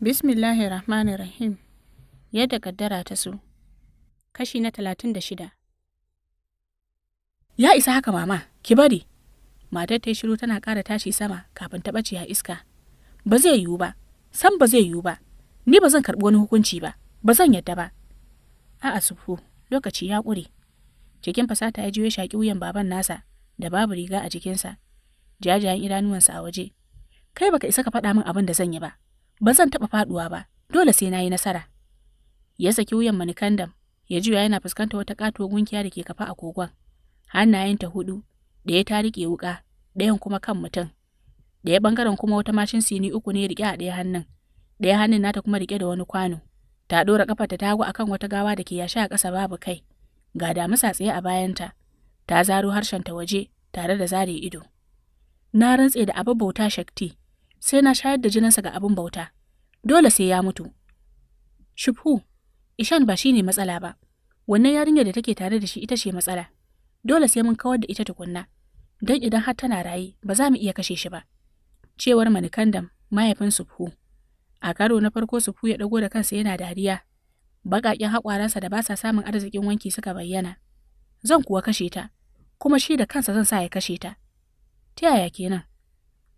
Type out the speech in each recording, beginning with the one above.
Bismillahir Rahmanir Rahim. Yadda kaddara ta so. Kashi na talatin da shida. Ya isa haka mama, ki bari. Matar ta yi shiru tana ƙara tashi sama kafin ta ɓace a iska. Ba zai yiwu ba, san ba zai yiwu ba. Ni ba zan karɓi wani hukunci ba, ba zan yadda ba. A'a sufu, lokaci ya ƙure. Cikin fasata ya ya shaki wuyan baban nasa da babu riga a jikinsa. Jajayen idanuwansa a waje. Kai baka isa ka faɗa min abin da zan yi ba. Ba zan taɓa faɗuwa ba, dole sai na yi nasara. Ya saki wuyan manikandam, ya juya yana fuskantar wata ƙato gunkiya da ke kafa a kogon. Hannayenta hudu, ɗaya ta riƙe wuƙa, ɗayan kuma kan mutum. Ɗaya ɓangaren kuma wata mashin sini uku ne riƙe a ɗaya hannun. Ɗaya hannun nata kuma riƙe da wani kwano. Ta ɗora ƙafarta ta a kan wata gawa da ke yashe a ƙasa babu kai. Ga damisa tsaye a bayanta. Ta zaro harshen ta waje tare da zare ido. Na rantse da abin bauta shakti, sai na shayar da jininsa ga abin bauta. dole sai ya mutu. Shubhu, Ishan ba shi ne matsala ba, wannan yarinyar da take tare da shi ita ce matsala, dole sai mun kawar da ita tukunna, don idan har tana raye ba za mu iya kashe shi ba. Cewar manikandam mahaifin Shubhu, A karo na farko Shubhu ya ɗago da kansa yana dariya, baƙaƙen haƙwaransa da ba sa samun arzikin wanki suka bayyana. Zan kuwa kashe ta, kuma shi da kansa zan sa ya kashe ta. Ta yaya kenan?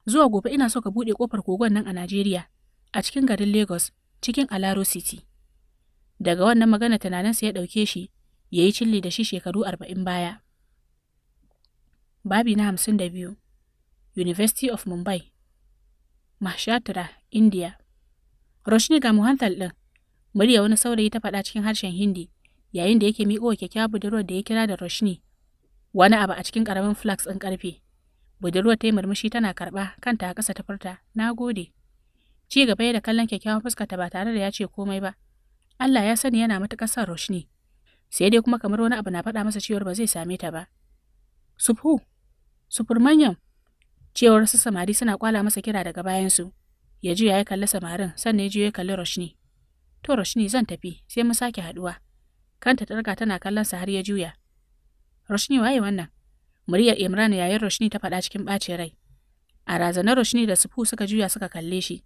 Zuwa gobe ina so ka buɗe ƙofar kogon nan a Najeriya, a cikin garin Lagos cikin Alaro City. Daga wannan magana tunaninsa ya ɗauke shi ya yi cilli da shi shekaru arba'in baya. Babi na hamsin da biyu University of Mumbai Mahshatra, India Roshni ga Muhantal ɗin, murya wani saurayi ta faɗa cikin harshen Hindi yayin da yake miƙo wa kyakkyawar budurwar da ya kira da Roshni wani abu a cikin ƙaramin flax ɗin ƙarfe. Budurwar ta yi murmushi tana karɓa kanta a ƙasa ta furta, na gode. Ci gaba da kallon kyakkyawan fuskarta ba tare da ya ce komai ba. Allah ya sani yana matuƙar son Roshni. Sai dai kuma kamar wani abu na faɗa masa cewar ba zai same ta ba. Sufu. Supurmanyan, cewar su samari suna kwala masa kira daga bayansu. Ya juya ya kalli samarin sannan ya juya ya kalli Roshni. To Roshni zan tafi sai mu sake haɗuwa. Kanta targa tana kallon sa har ya juya. Roshni waye wannan? Muryar Imran yayin Roshni ta faɗa cikin ɓacin rai. A razanar Roshni da Sufu suka juya suka kalle shi.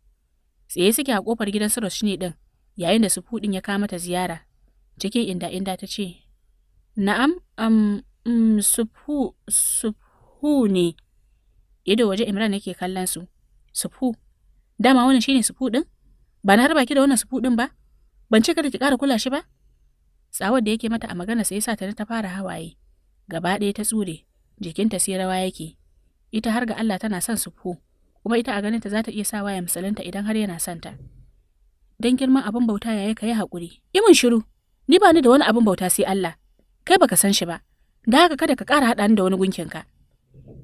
Tsaye suke a kofar gidan su Roshni din, yayin da sufu din ya kama ta ziyara. Cikin inda inda ta ce, "Na'am, am mm, sufu, sufu ne." Ido waje Imran yake kallon su. Sufu. Dama wannan shine sufu din? Ba na harba ki da wannan sufu din ba? Ban ce kada ki kara kula shi ba? Tsawar da yake mata a magana sai sa ta ta fara hawaye. Gaba ɗaya ta tsure, jikinta sai rawa yake. Ita har ga Allah tana son sufu. kuma ita a ganinta za ta iya sawa ya misalinta idan har yana santa. Don girman abin bauta yi ka yi haƙuri, imin shiru, ni ba ni da wani abin bauta sai Allah, kai baka san shi ba, da haka kada ka ƙara haɗa ni da wani gunkinka.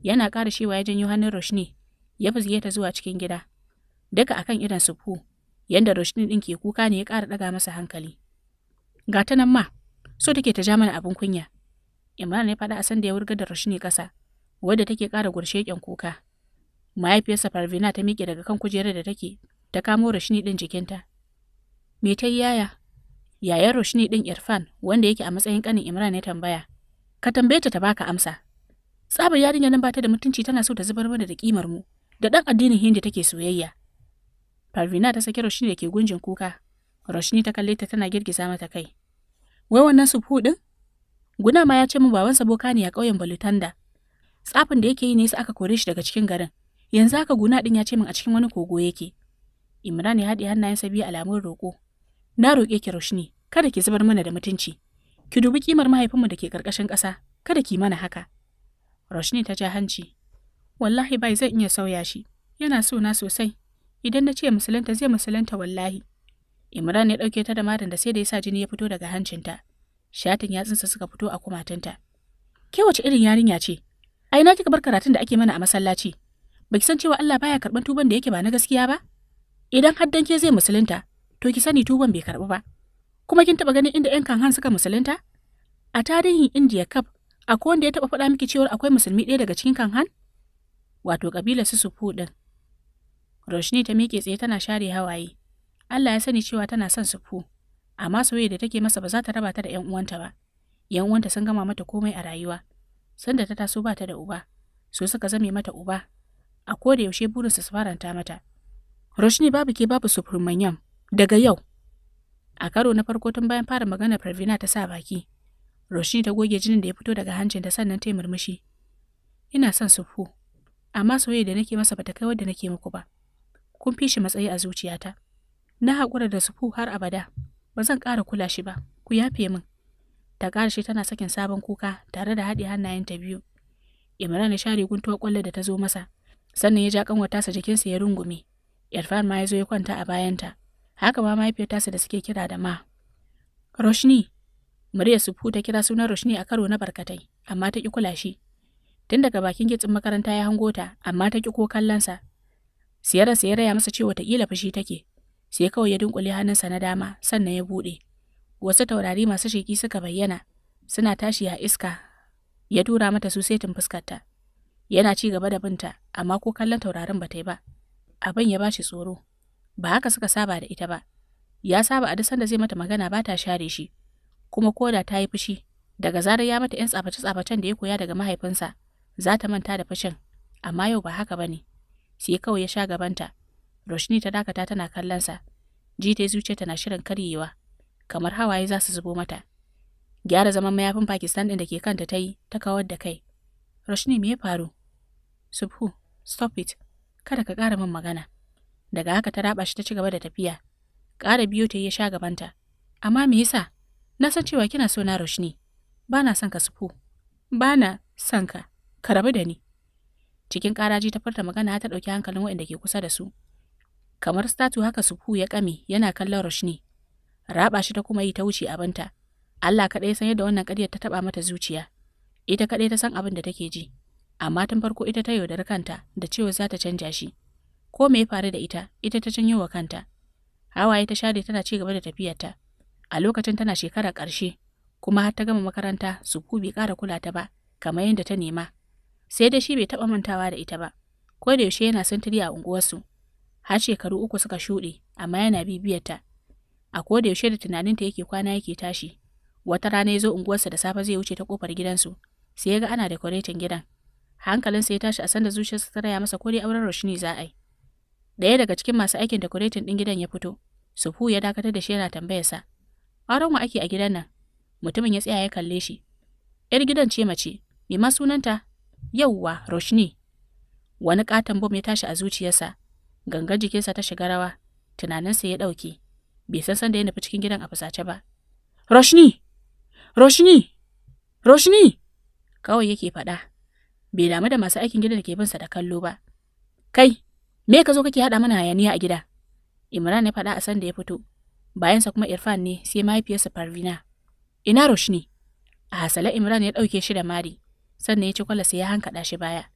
Yana ƙara shewa ya janyo hannun Roshni, ya fuzge ta zuwa cikin gida, duka akan idan sufu, yanda Roshni ɗin ke kuka ne ya ƙara ɗaga masa hankali. Ga ta nan ma, so take ta ja mana abin kunya. Imran ya faɗa a sanda ya wurgar da Roshni ƙasa, wadda take ƙara gurshe kuka. Mahaifiyarsa farvina ta miƙe daga kan kujerar da take, ta kamo Rashini ɗin jikinta. Me ta yi yaya? Yayan Rashini ɗin Irfan, wanda yake a matsayin ƙanin Imran ya tambaya. Ka tambaye ta ta baka amsa. Tsabar yarinya nan bata da mutunci tana so ta zubar mana da kimar mu, da ɗan addinin Hindi take soyayya. farvina ta saki Rashini da ke gunjin kuka. Rashini ta kalle ta tana girgiza mata kai. Wai wannan sufu ɗin? Guna ma ya ce mu babansa boka ne a ƙauyen Balutanda. Tsafin da yake yi ne sai aka kore shi daga cikin garin. Yanzu haka guna din ya ce min a cikin wani kogo yake. Imran ya haɗe hannayensa biyu alamun roƙo. Na roƙe ki Roshni, kada ki zubar mana da mutunci. Ki dubi kimar mahaifinmu da ke ƙarƙashin ƙasa, kada ki mana haka. Roshni ta ja hanci. Wallahi bai zan iya sauya shi, yana so na sosai. Idan na ce musulunta zai musulunta wallahi. Imran ya ɗauke ta da madan da sai da ya sa jini ya fito daga hancinta. Shatin yatsunsa suka fito a kumatunta. Ke wace irin yarinya ce? Ai na kika bar karatun da ake mana a masallaci. Baki san cewa Allah baya karban tuban da yake ba na gaskiya ba? Idan har danke zai musulunta, to ki sani tuban bai karbu ba. Kuma kin taba ganin inda 'yan han suka musulunta? A tarihin India Cup, akwai wanda ya taba faɗa miki cewa akwai musulmi ɗaya daga cikin kan han. Wato kabilar su sufu ɗin. Roshni ta miƙe tsaye tana share hawaye. Allah ya sani cewa tana son sufu, amma soyayya da take masa ba za ta raba ta da 'yan uwanta ba. 'Yan uwanta sun gama mata komai a rayuwa. Sanda ta taso ba ta da uba, so suka zame mata uba a koda yaushe burinsa su faranta mata. Roshni babu ke babu Supermanyam daga yau. A karo na farko tun bayan fara magana Pravina ta sa baki. Roshni ta goge jinin da ya fito daga hancinta sannan ta yi murmushi. Ina son sufu, amma soyayya da nake masa bata kai wadda nake muku ba. Kun fi shi matsayi a zuciyata. Na haƙura da sufu har abada. Ba zan ƙara kula shi ba. Ku yafe min. Ta ƙarshe tana sakin sabon kuka tare da haɗe hannayenta biyu. Imran ya share guntuwar ƙwallo da ta zo masa. sannan ya ja kanwar tasa jikinsa ya rungume irfan ma ya zo ya kwanta a bayanta haka ma mahaifiyar tasa da suke kira da ma roshni murya sufu ta kira sunan roshni a karo na barkatai amma ta ki kula shi tun daga bakin gitsin makaranta ya hango ta amma ta ki ko kallonsa siyara siyara ya masa cewa ta kila fushi take sai kawai ya dunkule hannunsa na dama sannan ya buɗe wasu taurari masu sheki suka bayyana suna tashi a iska ya tura mata su setin fuskarta Yana ci gaba da binta, amma ko kallon taurarin ba ta yi ba. Abin ya bashi tsoro. Ba haka suka saba da ita ba. Ya saba a dusan da zai mata magana ba ta share shi. Kuma ko da ta yi fushi, daga zarar ya mata 'yan tsaface-tsafacen da ya koya daga mahaifinsa, za ta manta da fushin. Amma yau ba haka ba ne. Sai kawai ya sha gabanta. Roshni ta dakata tana kallonsa. Ji ta zuciya tana shirin karyewa. Kamar hawaye za su zubo mata. Gyara zaman mayafin Pakistan ɗin da ke kanta ta yi, ta kawar da kai. Roshni me ya faru? Subhu, stop it, kada ka ƙara min magana. Daga haka ta raba shi ta ci gaba da tafiya. Ƙara biyo ta yi sha gabanta. Amma me yasa? Na san cewa kina so na Roshni. Ba na son ka Subhu. Ba na son ka. Ka rabu da ni. Cikin ƙaraji ta furta magana ta ɗauki hankalin waɗanda ke kusa da su. Kamar statu haka Subhu ya ƙame yana kallon Roshni. Raba shi ta kuma yi ta wuce abinta. Allah kaɗai san yadda wannan ƙaryar ta taɓa mata zuciya. Ita kaɗai ta san abin da take ji. amma tun farko ita ta yaudari kanta da cewa za ta canja shi. Ko me ya faru da ita, ita ta canyo wa kanta. Hawaye ta share tana ci gaba da tafiyarta. A lokacin tana shekara ƙarshe, kuma har ta gama makaranta su ku bai kara kula ta ba, kamar yadda ta nema. Sai da shi bai taɓa mantawa da ita ba, ko da yaushe yana santiri a unguwarsu. Har shekaru uku suka shuɗe, amma yana bibiyarta. A ko da yaushe da tunaninta yake kwana yake tashi. Wata rana ya zo unguwarsa da safe zai wuce ta kofar gidansu, sai ya ga ana dekoretin gidan. Hankalinsa ya tashi a sanda zuciyarsa ta raya masa ko dai auren Roshini za a yi. Ɗaya daga cikin masu aikin decorating ɗin gidan ya fito. Sufu ya dakatar da shi yana tambayarsa. Auren wa ake a gidan nan? Mutumin ya tsaya ya kalle shi. ‘Yar gidan ce mace, me ma sunanta? Yauwa, Roshni. Wani katon bom ya tashi a zuciyarsa. Gangan jikinsa ta shiga rawa. Tunaninsa ya ɗauke. Bai san sanda ya nufi cikin gidan a fusace ba. Roshni! Roshni! Roshni! Kawai yake faɗa. bai damu da masu aikin gida da ke binsa da kallo ba. Kai, me ka zo kake haɗa mana hayaniya a gida? Imran ya faɗa a sanda ya fito. Bayansa kuma Irfan ne sai mahaifiyarsa Farvina. Ina Roshni? A hasala Imran ya ɗauke shi da mari, sannan ya ci kwala sai ya hankaɗa shi baya.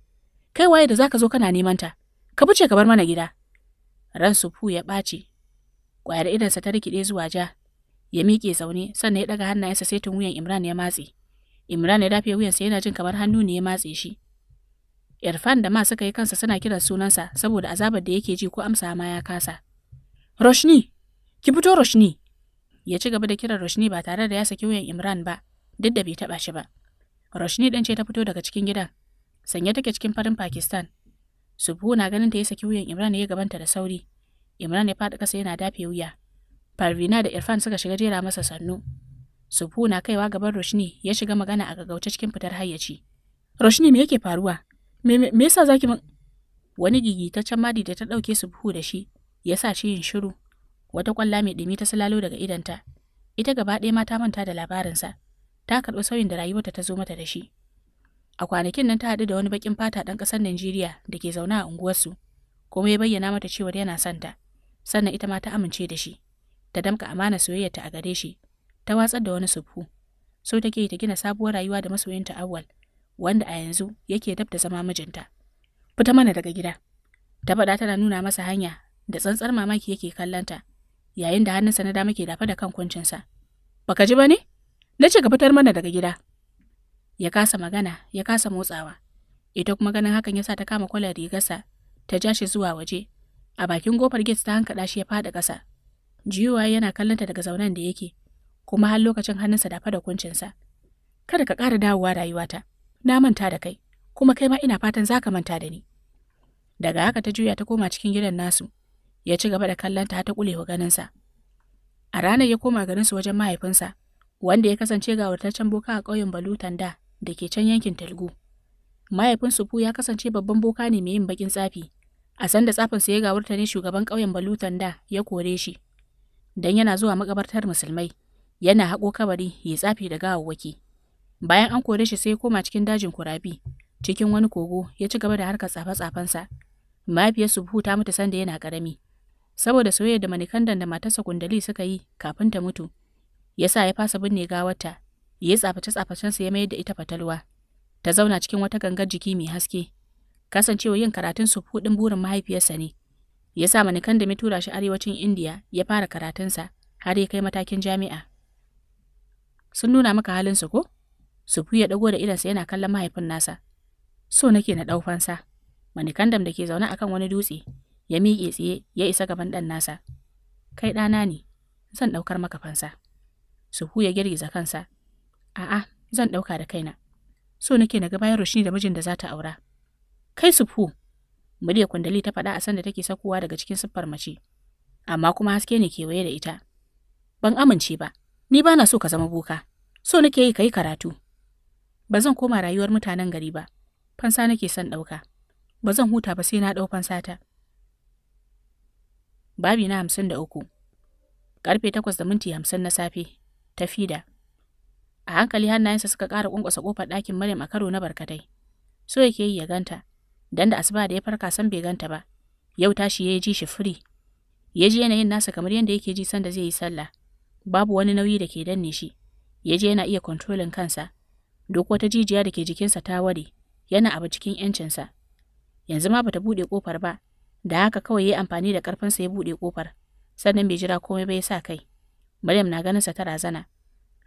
Kai waye da za ka zo kana neman ta? Ka buce ka bar mana gida. Ran fu ya ɓaci. Ƙwayar idansa ta rikide zuwa ja. Ya miƙe zaune sannan ya ɗaga hannayensa sai tun wuyan Imran ya matse. Imran ya dafe wuyansa yana jin kamar hannu ne ya matse shi. Irfan da ma suka yi kansa suna kiran sunansa saboda azabar da yake ji ko amsa ma ya kasa. Roshni, ki fito Roshni. Ya ci gaba da kiran Roshni ba tare da ya saki wuyan Imran ba, duk da bai taɓa shi ba. Roshni dan ce ta fito daga cikin gidan, sanye take cikin farin Pakistan. Subhu na ganin ta ya saki wuyan Imran ya gabanta da sauri. Imran ya faɗi kasa yana dafe wuya. Parvina da Irfan suka shiga jera masa sannu. Subhu na kaiwa gaban Roshni ya shiga magana a gaggauce cikin fitar hayyaci. Roshni me yake faruwa? Me yasa zaki man wani gigitaccen madi da ta ɗauke su buhu da shi ya sa shi yin shiru wata kwalla mai ɗumi ta salalo daga idanta ita gaba ɗaya ma ta manta da labarinsa ta karɓi sauyin da rayuwarta ta zo mata da shi a kwanakin nan ta haɗu da wani baƙin fata ɗan ƙasar Najeriya da ke zaune a unguwarsu kuma ya bayyana mata cewa yana son sannan ita ma ta amince da shi ta damka amana soyayyarta a gare shi ta watsar da wani subhu so take ta gina sabuwar rayuwa da masoyinta awwal wanda a yanzu yake dab da zama mijinta. Fita mana daga gida. Ta faɗa tana nuna masa hanya da tsantsar mamaki yake kallanta yayin da hannunsa na dama ke dafa da kan kuncinsa. Baka ji ba ne? Na ce ka fitar mana daga gida. Ya kasa magana, ya kasa motsawa. Ita kuma ganin hakan ya sa ta kama kwalar rigarsa, ta ja zuwa waje. A bakin gofar gate ta hankaɗa shi ya faɗi ƙasa. Jiyuwa yana kallonta daga zaunen da yake, kuma har lokacin hannunsa dafa da kuncinsa. Kada ka kara dawowa rayuwata. na manta da kai, kuma kai ma ina fatan za ka manta da ni. Daga haka ta juya ta koma cikin gidan nasu, ya ci gaba da kallonta ta kulewa ganinsa. A ranar ya koma garinsu wajen mahaifinsa, wanda ya kasance ga wartaccen boka a ƙauyen Balutan da da ke can yankin Telgu. Mahaifin Sufu ya kasance babban boka ne mai yin bakin tsafi, a sanda tsafin su ya gawarta ne shugaban ƙauyen Balutan da ya kore shi. Dan yana zuwa makabartar musulmai, yana haƙo kabari ya tsafi da gawawwaki. Bayan an kore shi sai ya koma cikin dajin kurabi, cikin wani kogo ya ci gaba da harkar tsafe-tsafensa. Mahaifiyar Subhu ta mutu sanda yana ƙarami, saboda soyayyar da manikandan da matarsa Kundali suka yi kafin ta mutu, ya sa ya fasa binne gawarta, ya yi tsaface-tsafacen ya mayar da ita fatalwa. Ta zauna cikin wata gangar jiki mai haske, kasancewa yin karatun Subhu ɗin burin mahaifiyarsa ne. Ya sa manikandam ya tura shi arewacin Indiya ya fara karatunsa har ya kai matakin jami'a. Sun nuna maka halinsu ko? Sufi ya dago da idansa yana kallon mahaifin nasa. So nake na ɗau fansa. Manikandam da ke zaune akan wani dutse ya miƙe tsaye ya isa gaban ɗan nasa. Kai ɗana ne, zan ɗaukar maka fansa. Suhu ya girgiza kansa. A'a, zan ɗauka da kaina. So nake na ga bayan Rushni da mijin da za ta aura. Kai sufu. murya kundali ta faɗa a sanda take sakuwa daga cikin siffar mace. Amma kuma haske ne kewaye da ita. Ban amince ba, ni ba na so ka zama boka. So nake yi ka yi karatu. Ba zan koma rayuwar mutanen gari ba. Fansa nake son ɗauka. Ba zan huta ba sai na ɗau fansata. Babi na hamsin da uku. Ƙarfe takwas da minti hamsin na safe. Tafida. A hankali hannayensa suka ƙara ƙwanƙwasa ƙofar ɗakin Maryam a karo na barkatai. So yake yi ya ganta. Dan da asuba da ya farka san bai ganta ba. Yau tashi ya ji shi firi. Ya ji yanayin nasa kamar yadda yake ji sanda zai yi sallah. Babu wani nauyi da ke danne shi. Ya ji yana iya kontrolin kansa. Duk wata jijiya da ke jikinsa ta ware, yana abu cikin ‘yancinsa. Yanzu ma bata buɗe ƙofar ba, da haka kawai ya amfani da ƙarfinsa ya buɗe ƙofar, sannan bai jira komai ba ya sa kai. Maryam na ganinsa ta razana.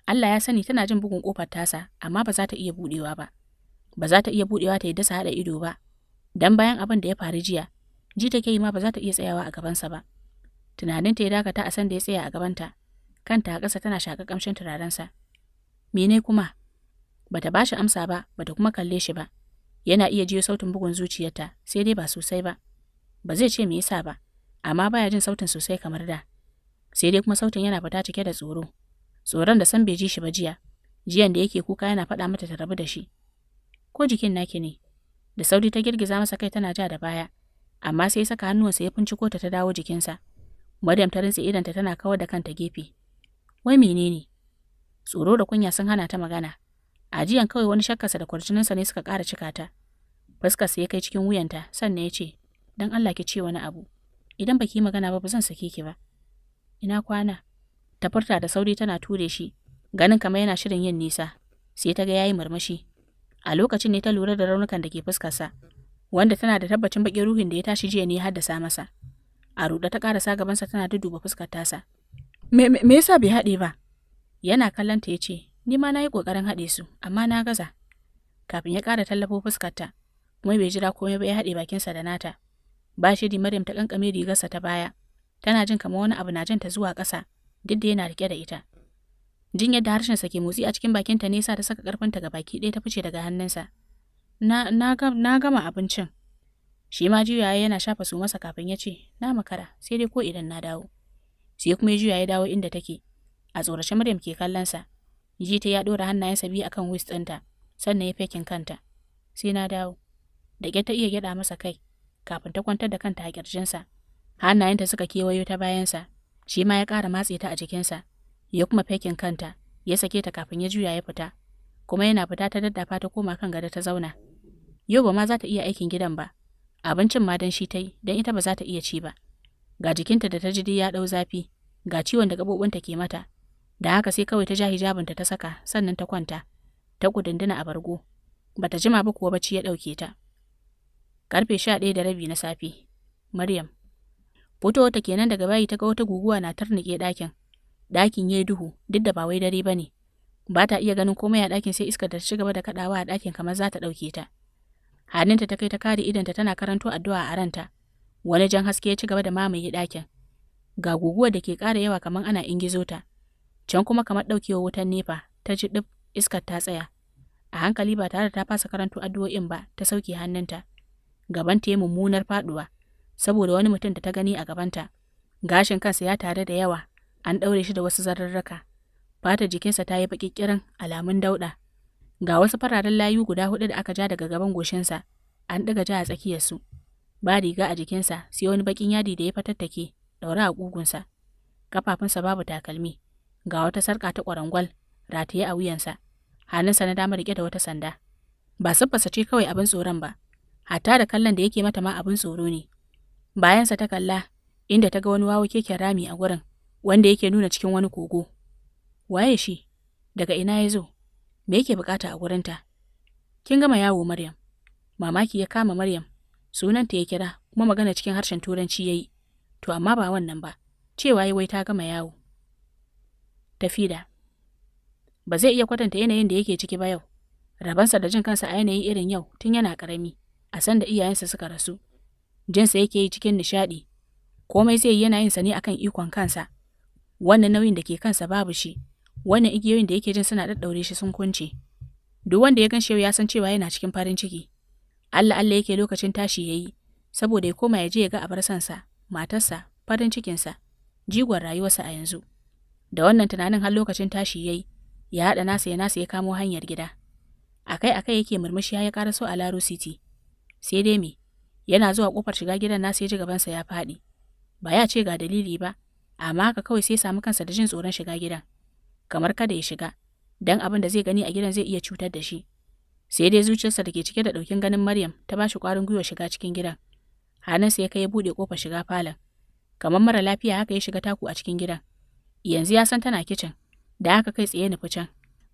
Allah ya sani tana jin bugun ƙofar tasa, amma ba za ta iya buɗewa ba. Ba za ta iya buɗewa ta yi dasa haɗa ido ba, dan bayan abin da ya faru jiya, ji take yi ma ba za ta iya tsayawa a gabansa ba. Tunanin ta ya dakata a san da ya tsaya a gabanta, kanta a ƙasa tana shaƙa ƙamshin turarensa. Mene kuma? Bata ba shi amsa ba, bata kuma kalle shi ba. Yana iya jiyo sautin bugun zuciyarta, sai dai ba sosai ba. Ba zai ce me yasa ba, amma baya jin sautin sosai kamar da. Sai dai kuma sautin yana fita cike da tsoro. Tsoron da san bai ji shi ba jiya. Jiyan da yake kuka yana faɗa mata ta rabu da shi. Ko jikin naki ne? Da sauri ta girgiza masa kai tana ja da baya, amma sai saka hannuwansa ya finciko ta ta dawo jikinsa. Maryam ta rintse idanta tana kawar da kanta gefe. Wai menene? Tsoro da kunya sun hana ta magana, A jiyan kawai wani shakkarsa da kwarjininsa ne suka ƙara cika ta. Fuskarsa ya kai cikin wuyanta sannan ya ce, Don Allah ki ce wani abu, idan baki magana ba ba zan sake ki ba. Ina kwana? Ta furta da sauri tana ture shi, ganin kamar yana shirin yin nisa, sai ta ga yayi murmushi. A lokacin ne ta lura da raunukan da ke fuskarsa, wanda tana da tabbacin bakin ruhin da ya tashi jiya ne ya haddasa masa. A ruɗa ta ƙarasa gabansa tana duduba fuskar tasa. Me yasa bai haɗe ba? Yana kallon ta ya ce, Ni ma na yi ƙoƙarin haɗe su, amma na gaza. Kafin ya ƙara tallafo fuskarta, kuma bai jira komai ba ya haɗe bakinsa da nata. Ba shi Maryam ta ƙanƙame rigarsa ta baya, tana jin kamar wani abu na ta zuwa ƙasa, duk da yana riƙe da ita. Jin yadda harshensa ke motsi a cikin bakinta ne sa ta saka ƙarfinta ga baki ɗaya ta fice daga hannunsa. Na, na, gama abincin. Shi ma juyaye yana shafa su masa kafin ya ce, na makara, sai dai ko idan na dawo. Sai kuma juyaye dawo inda take. A tsorace Maryam ke kallonsa. Jita ya ɗora hannayensa biyu akan waist ɗinta, sannan ya fekin kanta. Sai na dawo. Da ta iya gyaɗa masa kai, kafin ta kwantar da kanta a ƙirjinsa. ta suka kewayo ta bayansa, shi ma ya ƙara matse ta a jikin sa ya kuma fekin kanta, ya sake ta kafin ya juya ya fita. Kuma yana fita ta daddafa ta koma kan gada ta zauna. Yau ba ma za ta iya aikin gidan ba, abincin ma don shi ta yi, don ita ba za ta iya ci ba. Ga jikinta da ta ji dai ya ɗau zafi, ga ciwon da gaɓoɓinta ke mata, Da haka sai kawai ta ja hijabinta ta saka, sannan ta kwanta, ta kudindina a bargo. Bata jima ba kuwa bacci ya ɗauke ta. Karfe sha ɗaya da rabi na safe. Maryam. Fito ta kenan daga bayi ta ga wata guguwa na tarnike ɗakin. Ɗakin ya duhu, duk da ba wai dare ba ne. Ba ta iya ganin komai a ɗakin sai iskar ta ci gaba da kaɗawa a ɗakin kamar za ta ɗauke ta. Hannunta ta kai ta kare idanta tana karanto addu'a a ranta. Wani jan haske ya ci gaba da mamaye ɗakin. Ga guguwa da ke ƙara yawa kamar ana ingizo ta. Can kuma kamar ɗaukewa wutan nefa, ta ji ɗib iskar ta tsaya. A hankali ba tare da ta fasa karanto addu'o'in ba, ta sauke hannunta. Gaban ta mummunar faɗuwa, saboda wani mutum da ta gani a gabanta. Gashin kansa ya tare da yawa, an ɗaure shi da wasu zararraka. Fata jikinsa ta yi ƙirin alamun dauɗa. Ga wasu fararen layu guda huɗu da aka ja daga gaban goshinsa, an ɗaga ja a su. Ba riga a jikinsa, sai wani baƙin yadi da ya fatattake, ɗaure a ƙugunsa. Ƙafafunsa babu takalmi, ga wata sarƙa ta ƙwarangwal rataye a wuyansa, hannunsa na dama riƙe da wata sanda. Ba siffarsa ce kawai abin tsoron ba, hatta da kallon da yake mata ma abin tsoro ne. Bayansa ta kalla inda ta ga wani wawo keken rami a gurin, wanda yake nuna cikin wani kogo. Waye shi? Daga ina ya zo? Me yake bukata a gurinta? Kin gama yawo Maryam. Mamaki ya kama Maryam, sunanta ya kira kuma magana cikin harshen Turanci ya yi, to amma ba wannan ba, cewa yi wai ta gama yawo. tafi da. Ba zai iya kwatanta yanayin da yake ciki ba yau, rabansa da jin kansa a yanayin irin yau tun yana ƙarami, a san da iyayensa suka rasu. Jinsa yake yi cikin nishaɗi, komai zai yi yana yin sa ne akan ikon kansa. Wannan nauyin da ke kansa babu shi, wannan igiyoyin da yake jin suna daddaure shi sun kunce. Duk wanda ya gan shi ya san cewa yana cikin farin ciki. Allah Allah yake lokacin tashi ya yi. saboda ya koma ya je ya ga abarsansa, matarsa, farin cikinsa, jigon rayuwarsa a yanzu. da wannan tunanin har lokacin tashi ya yi, ya haɗa nasa ya nasa ya kamo hanyar gida akai akai yake murmushi ya karaso a Laro City sai dai me yana zuwa kofar shiga gidan nasa ya ji gabansa ya faɗi ba ya ce ga dalili ba amma haka kawai sai samu kansa da jin tsoron shiga gidan kamar kada ya shiga dan abin da zai gani a gidan zai iya cutar da shi sai dai zuciyarsa da ke cike da ɗaukin ganin Maryam ta ba shi ƙwarin gwiwa shiga cikin gidan hannunsa ya kai ya buɗe ƙofar shiga falon kamar mara lafiya haka ya shiga taku a cikin gidan Yanzu ya san tana kicin, da aka kai tsaye nufi can,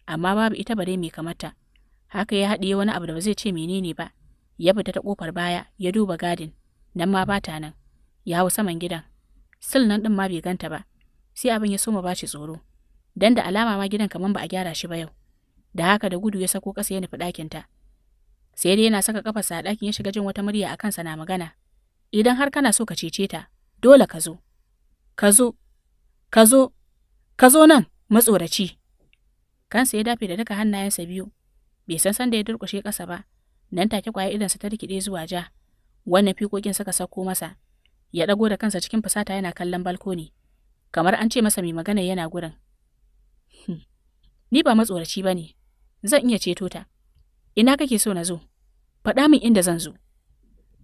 amma babu ita bare mai kamata. Haka ya haɗiye wani abu da ba zai ce menene ba, ya fita ta ƙofar baya ya duba gadin, nan ma bata nan, ya hau saman gidan. Sil nan ɗin ma bai ganta ba, sai abin ya soma bashi tsoro, dan da alama ma gidan kamar ba a gyara shi ba yau. Da haka da gudu ya sako ƙasa ya nufi ɗakinta. Sai dai yana saka ƙafarsa a ɗakin ya shiga jin wata murya a kansa na magana. Idan har kana so ka cece ta, dole ka zo. Ka zo, Ka zo, ka zo nan, matsoraci. Kansa ya dafe da duka hannayensa biyu, bai san sanda ya durƙushe ƙasa ba, nan take ƙwayar idansa ta rikide zuwa ja, wannan fikokin suka sauko masa, ya ɗago da kansa cikin fusata yana kallon balkoni, kamar an ce masa mai magana yana gurin. Hmm, ni ba matsoraci ba ne, zan iya ceto ta. Ina kake so na zo? Faɗa min inda zan zo.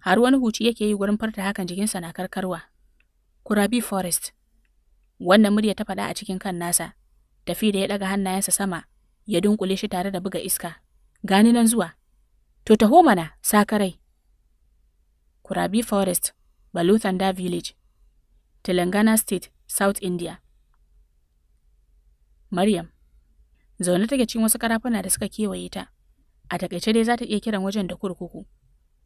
Har wani huci yake yi gurin farta hakan jikinsa na karkarwa. Kurabi Forest. Wannan murya ta faɗa a cikin kan nasa. Tafi da ya ɗaga hannayensa sama, ya dunkule shi tare da buga iska. Gani nan zuwa. To taho mana, sakarai. Kurabi Forest, Baluthanda Village, Telangana State, South India. Maryam, zaune take cin wasu karafuna da suka kewaye ta. A takaice dai za ta iya kiran wajen da kurkuku.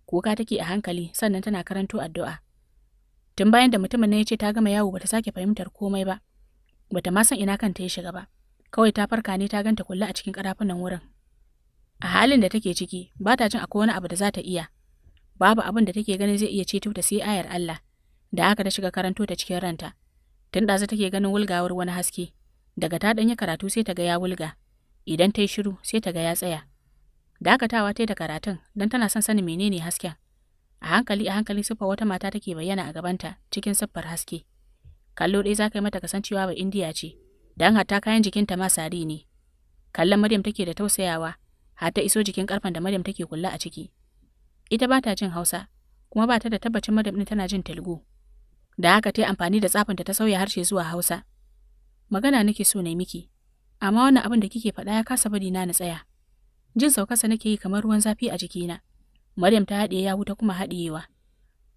Kuka take a hankali sannan tana karanto addu'a. Tun bayan da mutumin ne ya ce ta gama yawo bata sake fahimtar komai ba. Bata ma san ina kanta ya shiga ba. Kawai ta farka ne ta ganta kulle a cikin karafunan wurin. A halin da take ciki, ba ta jin akwai wani abu da za ta iya. Babu abin da take ganin zai iya ceto ta sai ayar Allah. Da aka ta shiga karanto ta cikin ranta. Tun ɗazu take ganin wulgawar wani haske. Daga ta ɗanyi karatu sai ta ga ya wulga. Idan ta yi shiru sai ta ga ya tsaya. Dakatawa ta yi da karatun don tana son sanin menene hasken. A hankali a hankali siffar wata mata take bayyana a gabanta cikin siffar haske. Kallo ɗaya za ka yi mata kasancewa ba indiya ce, don hatta kayan jikinta ma sari ne. Kallon Maryam take da tausayawa, hatta iso jikin karfan da Maryam take kulla a ciki. Ita ba ta jin Hausa, kuma ba ta da tabbacin Maryam ɗin tana jin Telugu. Da haka ta yi amfani da tsafinta ta sauya harshe zuwa Hausa. Magana nake so na miki, amma wannan abin da kike faɗa ya kasa bari na na tsaya. Jin saukarsa nake yi kamar ruwan zafi a jikina. Maryam ta haɗiye ya ta kuma haɗiyewa.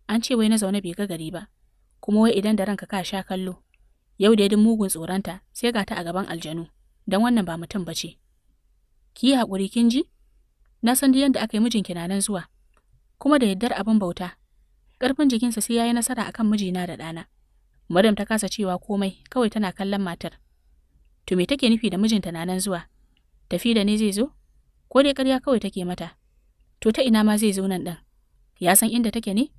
An ce wai na zaune bai ga gari ba, kuma wai idan da ranka ka sha kallo. Yau da yadin mugun tsoronta sai ga ta a gaban aljanu, don wannan ba mutum ba ce. Ki yi haƙuri kin ji? Na san duk yadda aka yi mijinki na nan zuwa, kuma da yaddar abin bauta. Ƙarfin jikinsa sai ya yi nasara akan mijina da ɗana. Maryam ta kasa cewa komai, kawai tana kallon matar. To me take nufi da mijinta na nan zuwa? Tafi da ne zai zo? Ko dai ƙarya kawai take mata? To ta ina ma zai zo nan ɗin? Ya san inda take ne?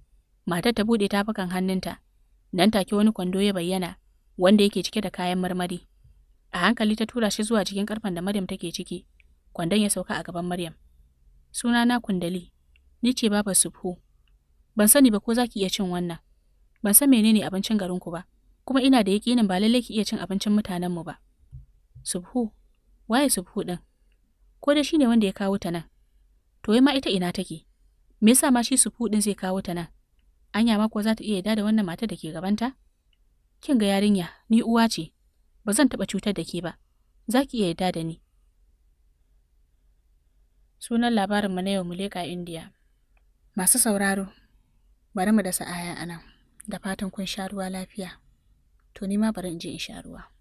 Matar ta buɗe tafukan hannunta. Nan take wani kwando ya bayyana, wanda yake cike da kayan marmari. A hankali ta tura shi zuwa cikin karfen da Maryam take ciki. Kwandon ya sauka a gaban Maryam. Suna na kundali, ni ce baba subhu. Ban sani ba ko za ki iya cin wannan. Ban san menene abincin garin ku ba, kuma ina da yakinin ba lallai ki iya cin abincin mutanenmu ba. Subhu, waye subhu ɗin? Ko da shi ne wanda ya kawo ta nan? To wai ma ita ina take? Me yasa ma shi sufu din zai kawo ta nan? Anya ma kuwa za ta iya yarda da wannan matar da ke gabanta? Kin ga yarinya, ni uwa ce. Ba zan taɓa cutar da ke ba. Za ki iya yarda da ni. Sunan labarin mu na yau mu india Masu sauraro, bari mu da sa'aya anan da fatan kun sha ruwa lafiya. To ni ma bari in je in sha ruwa.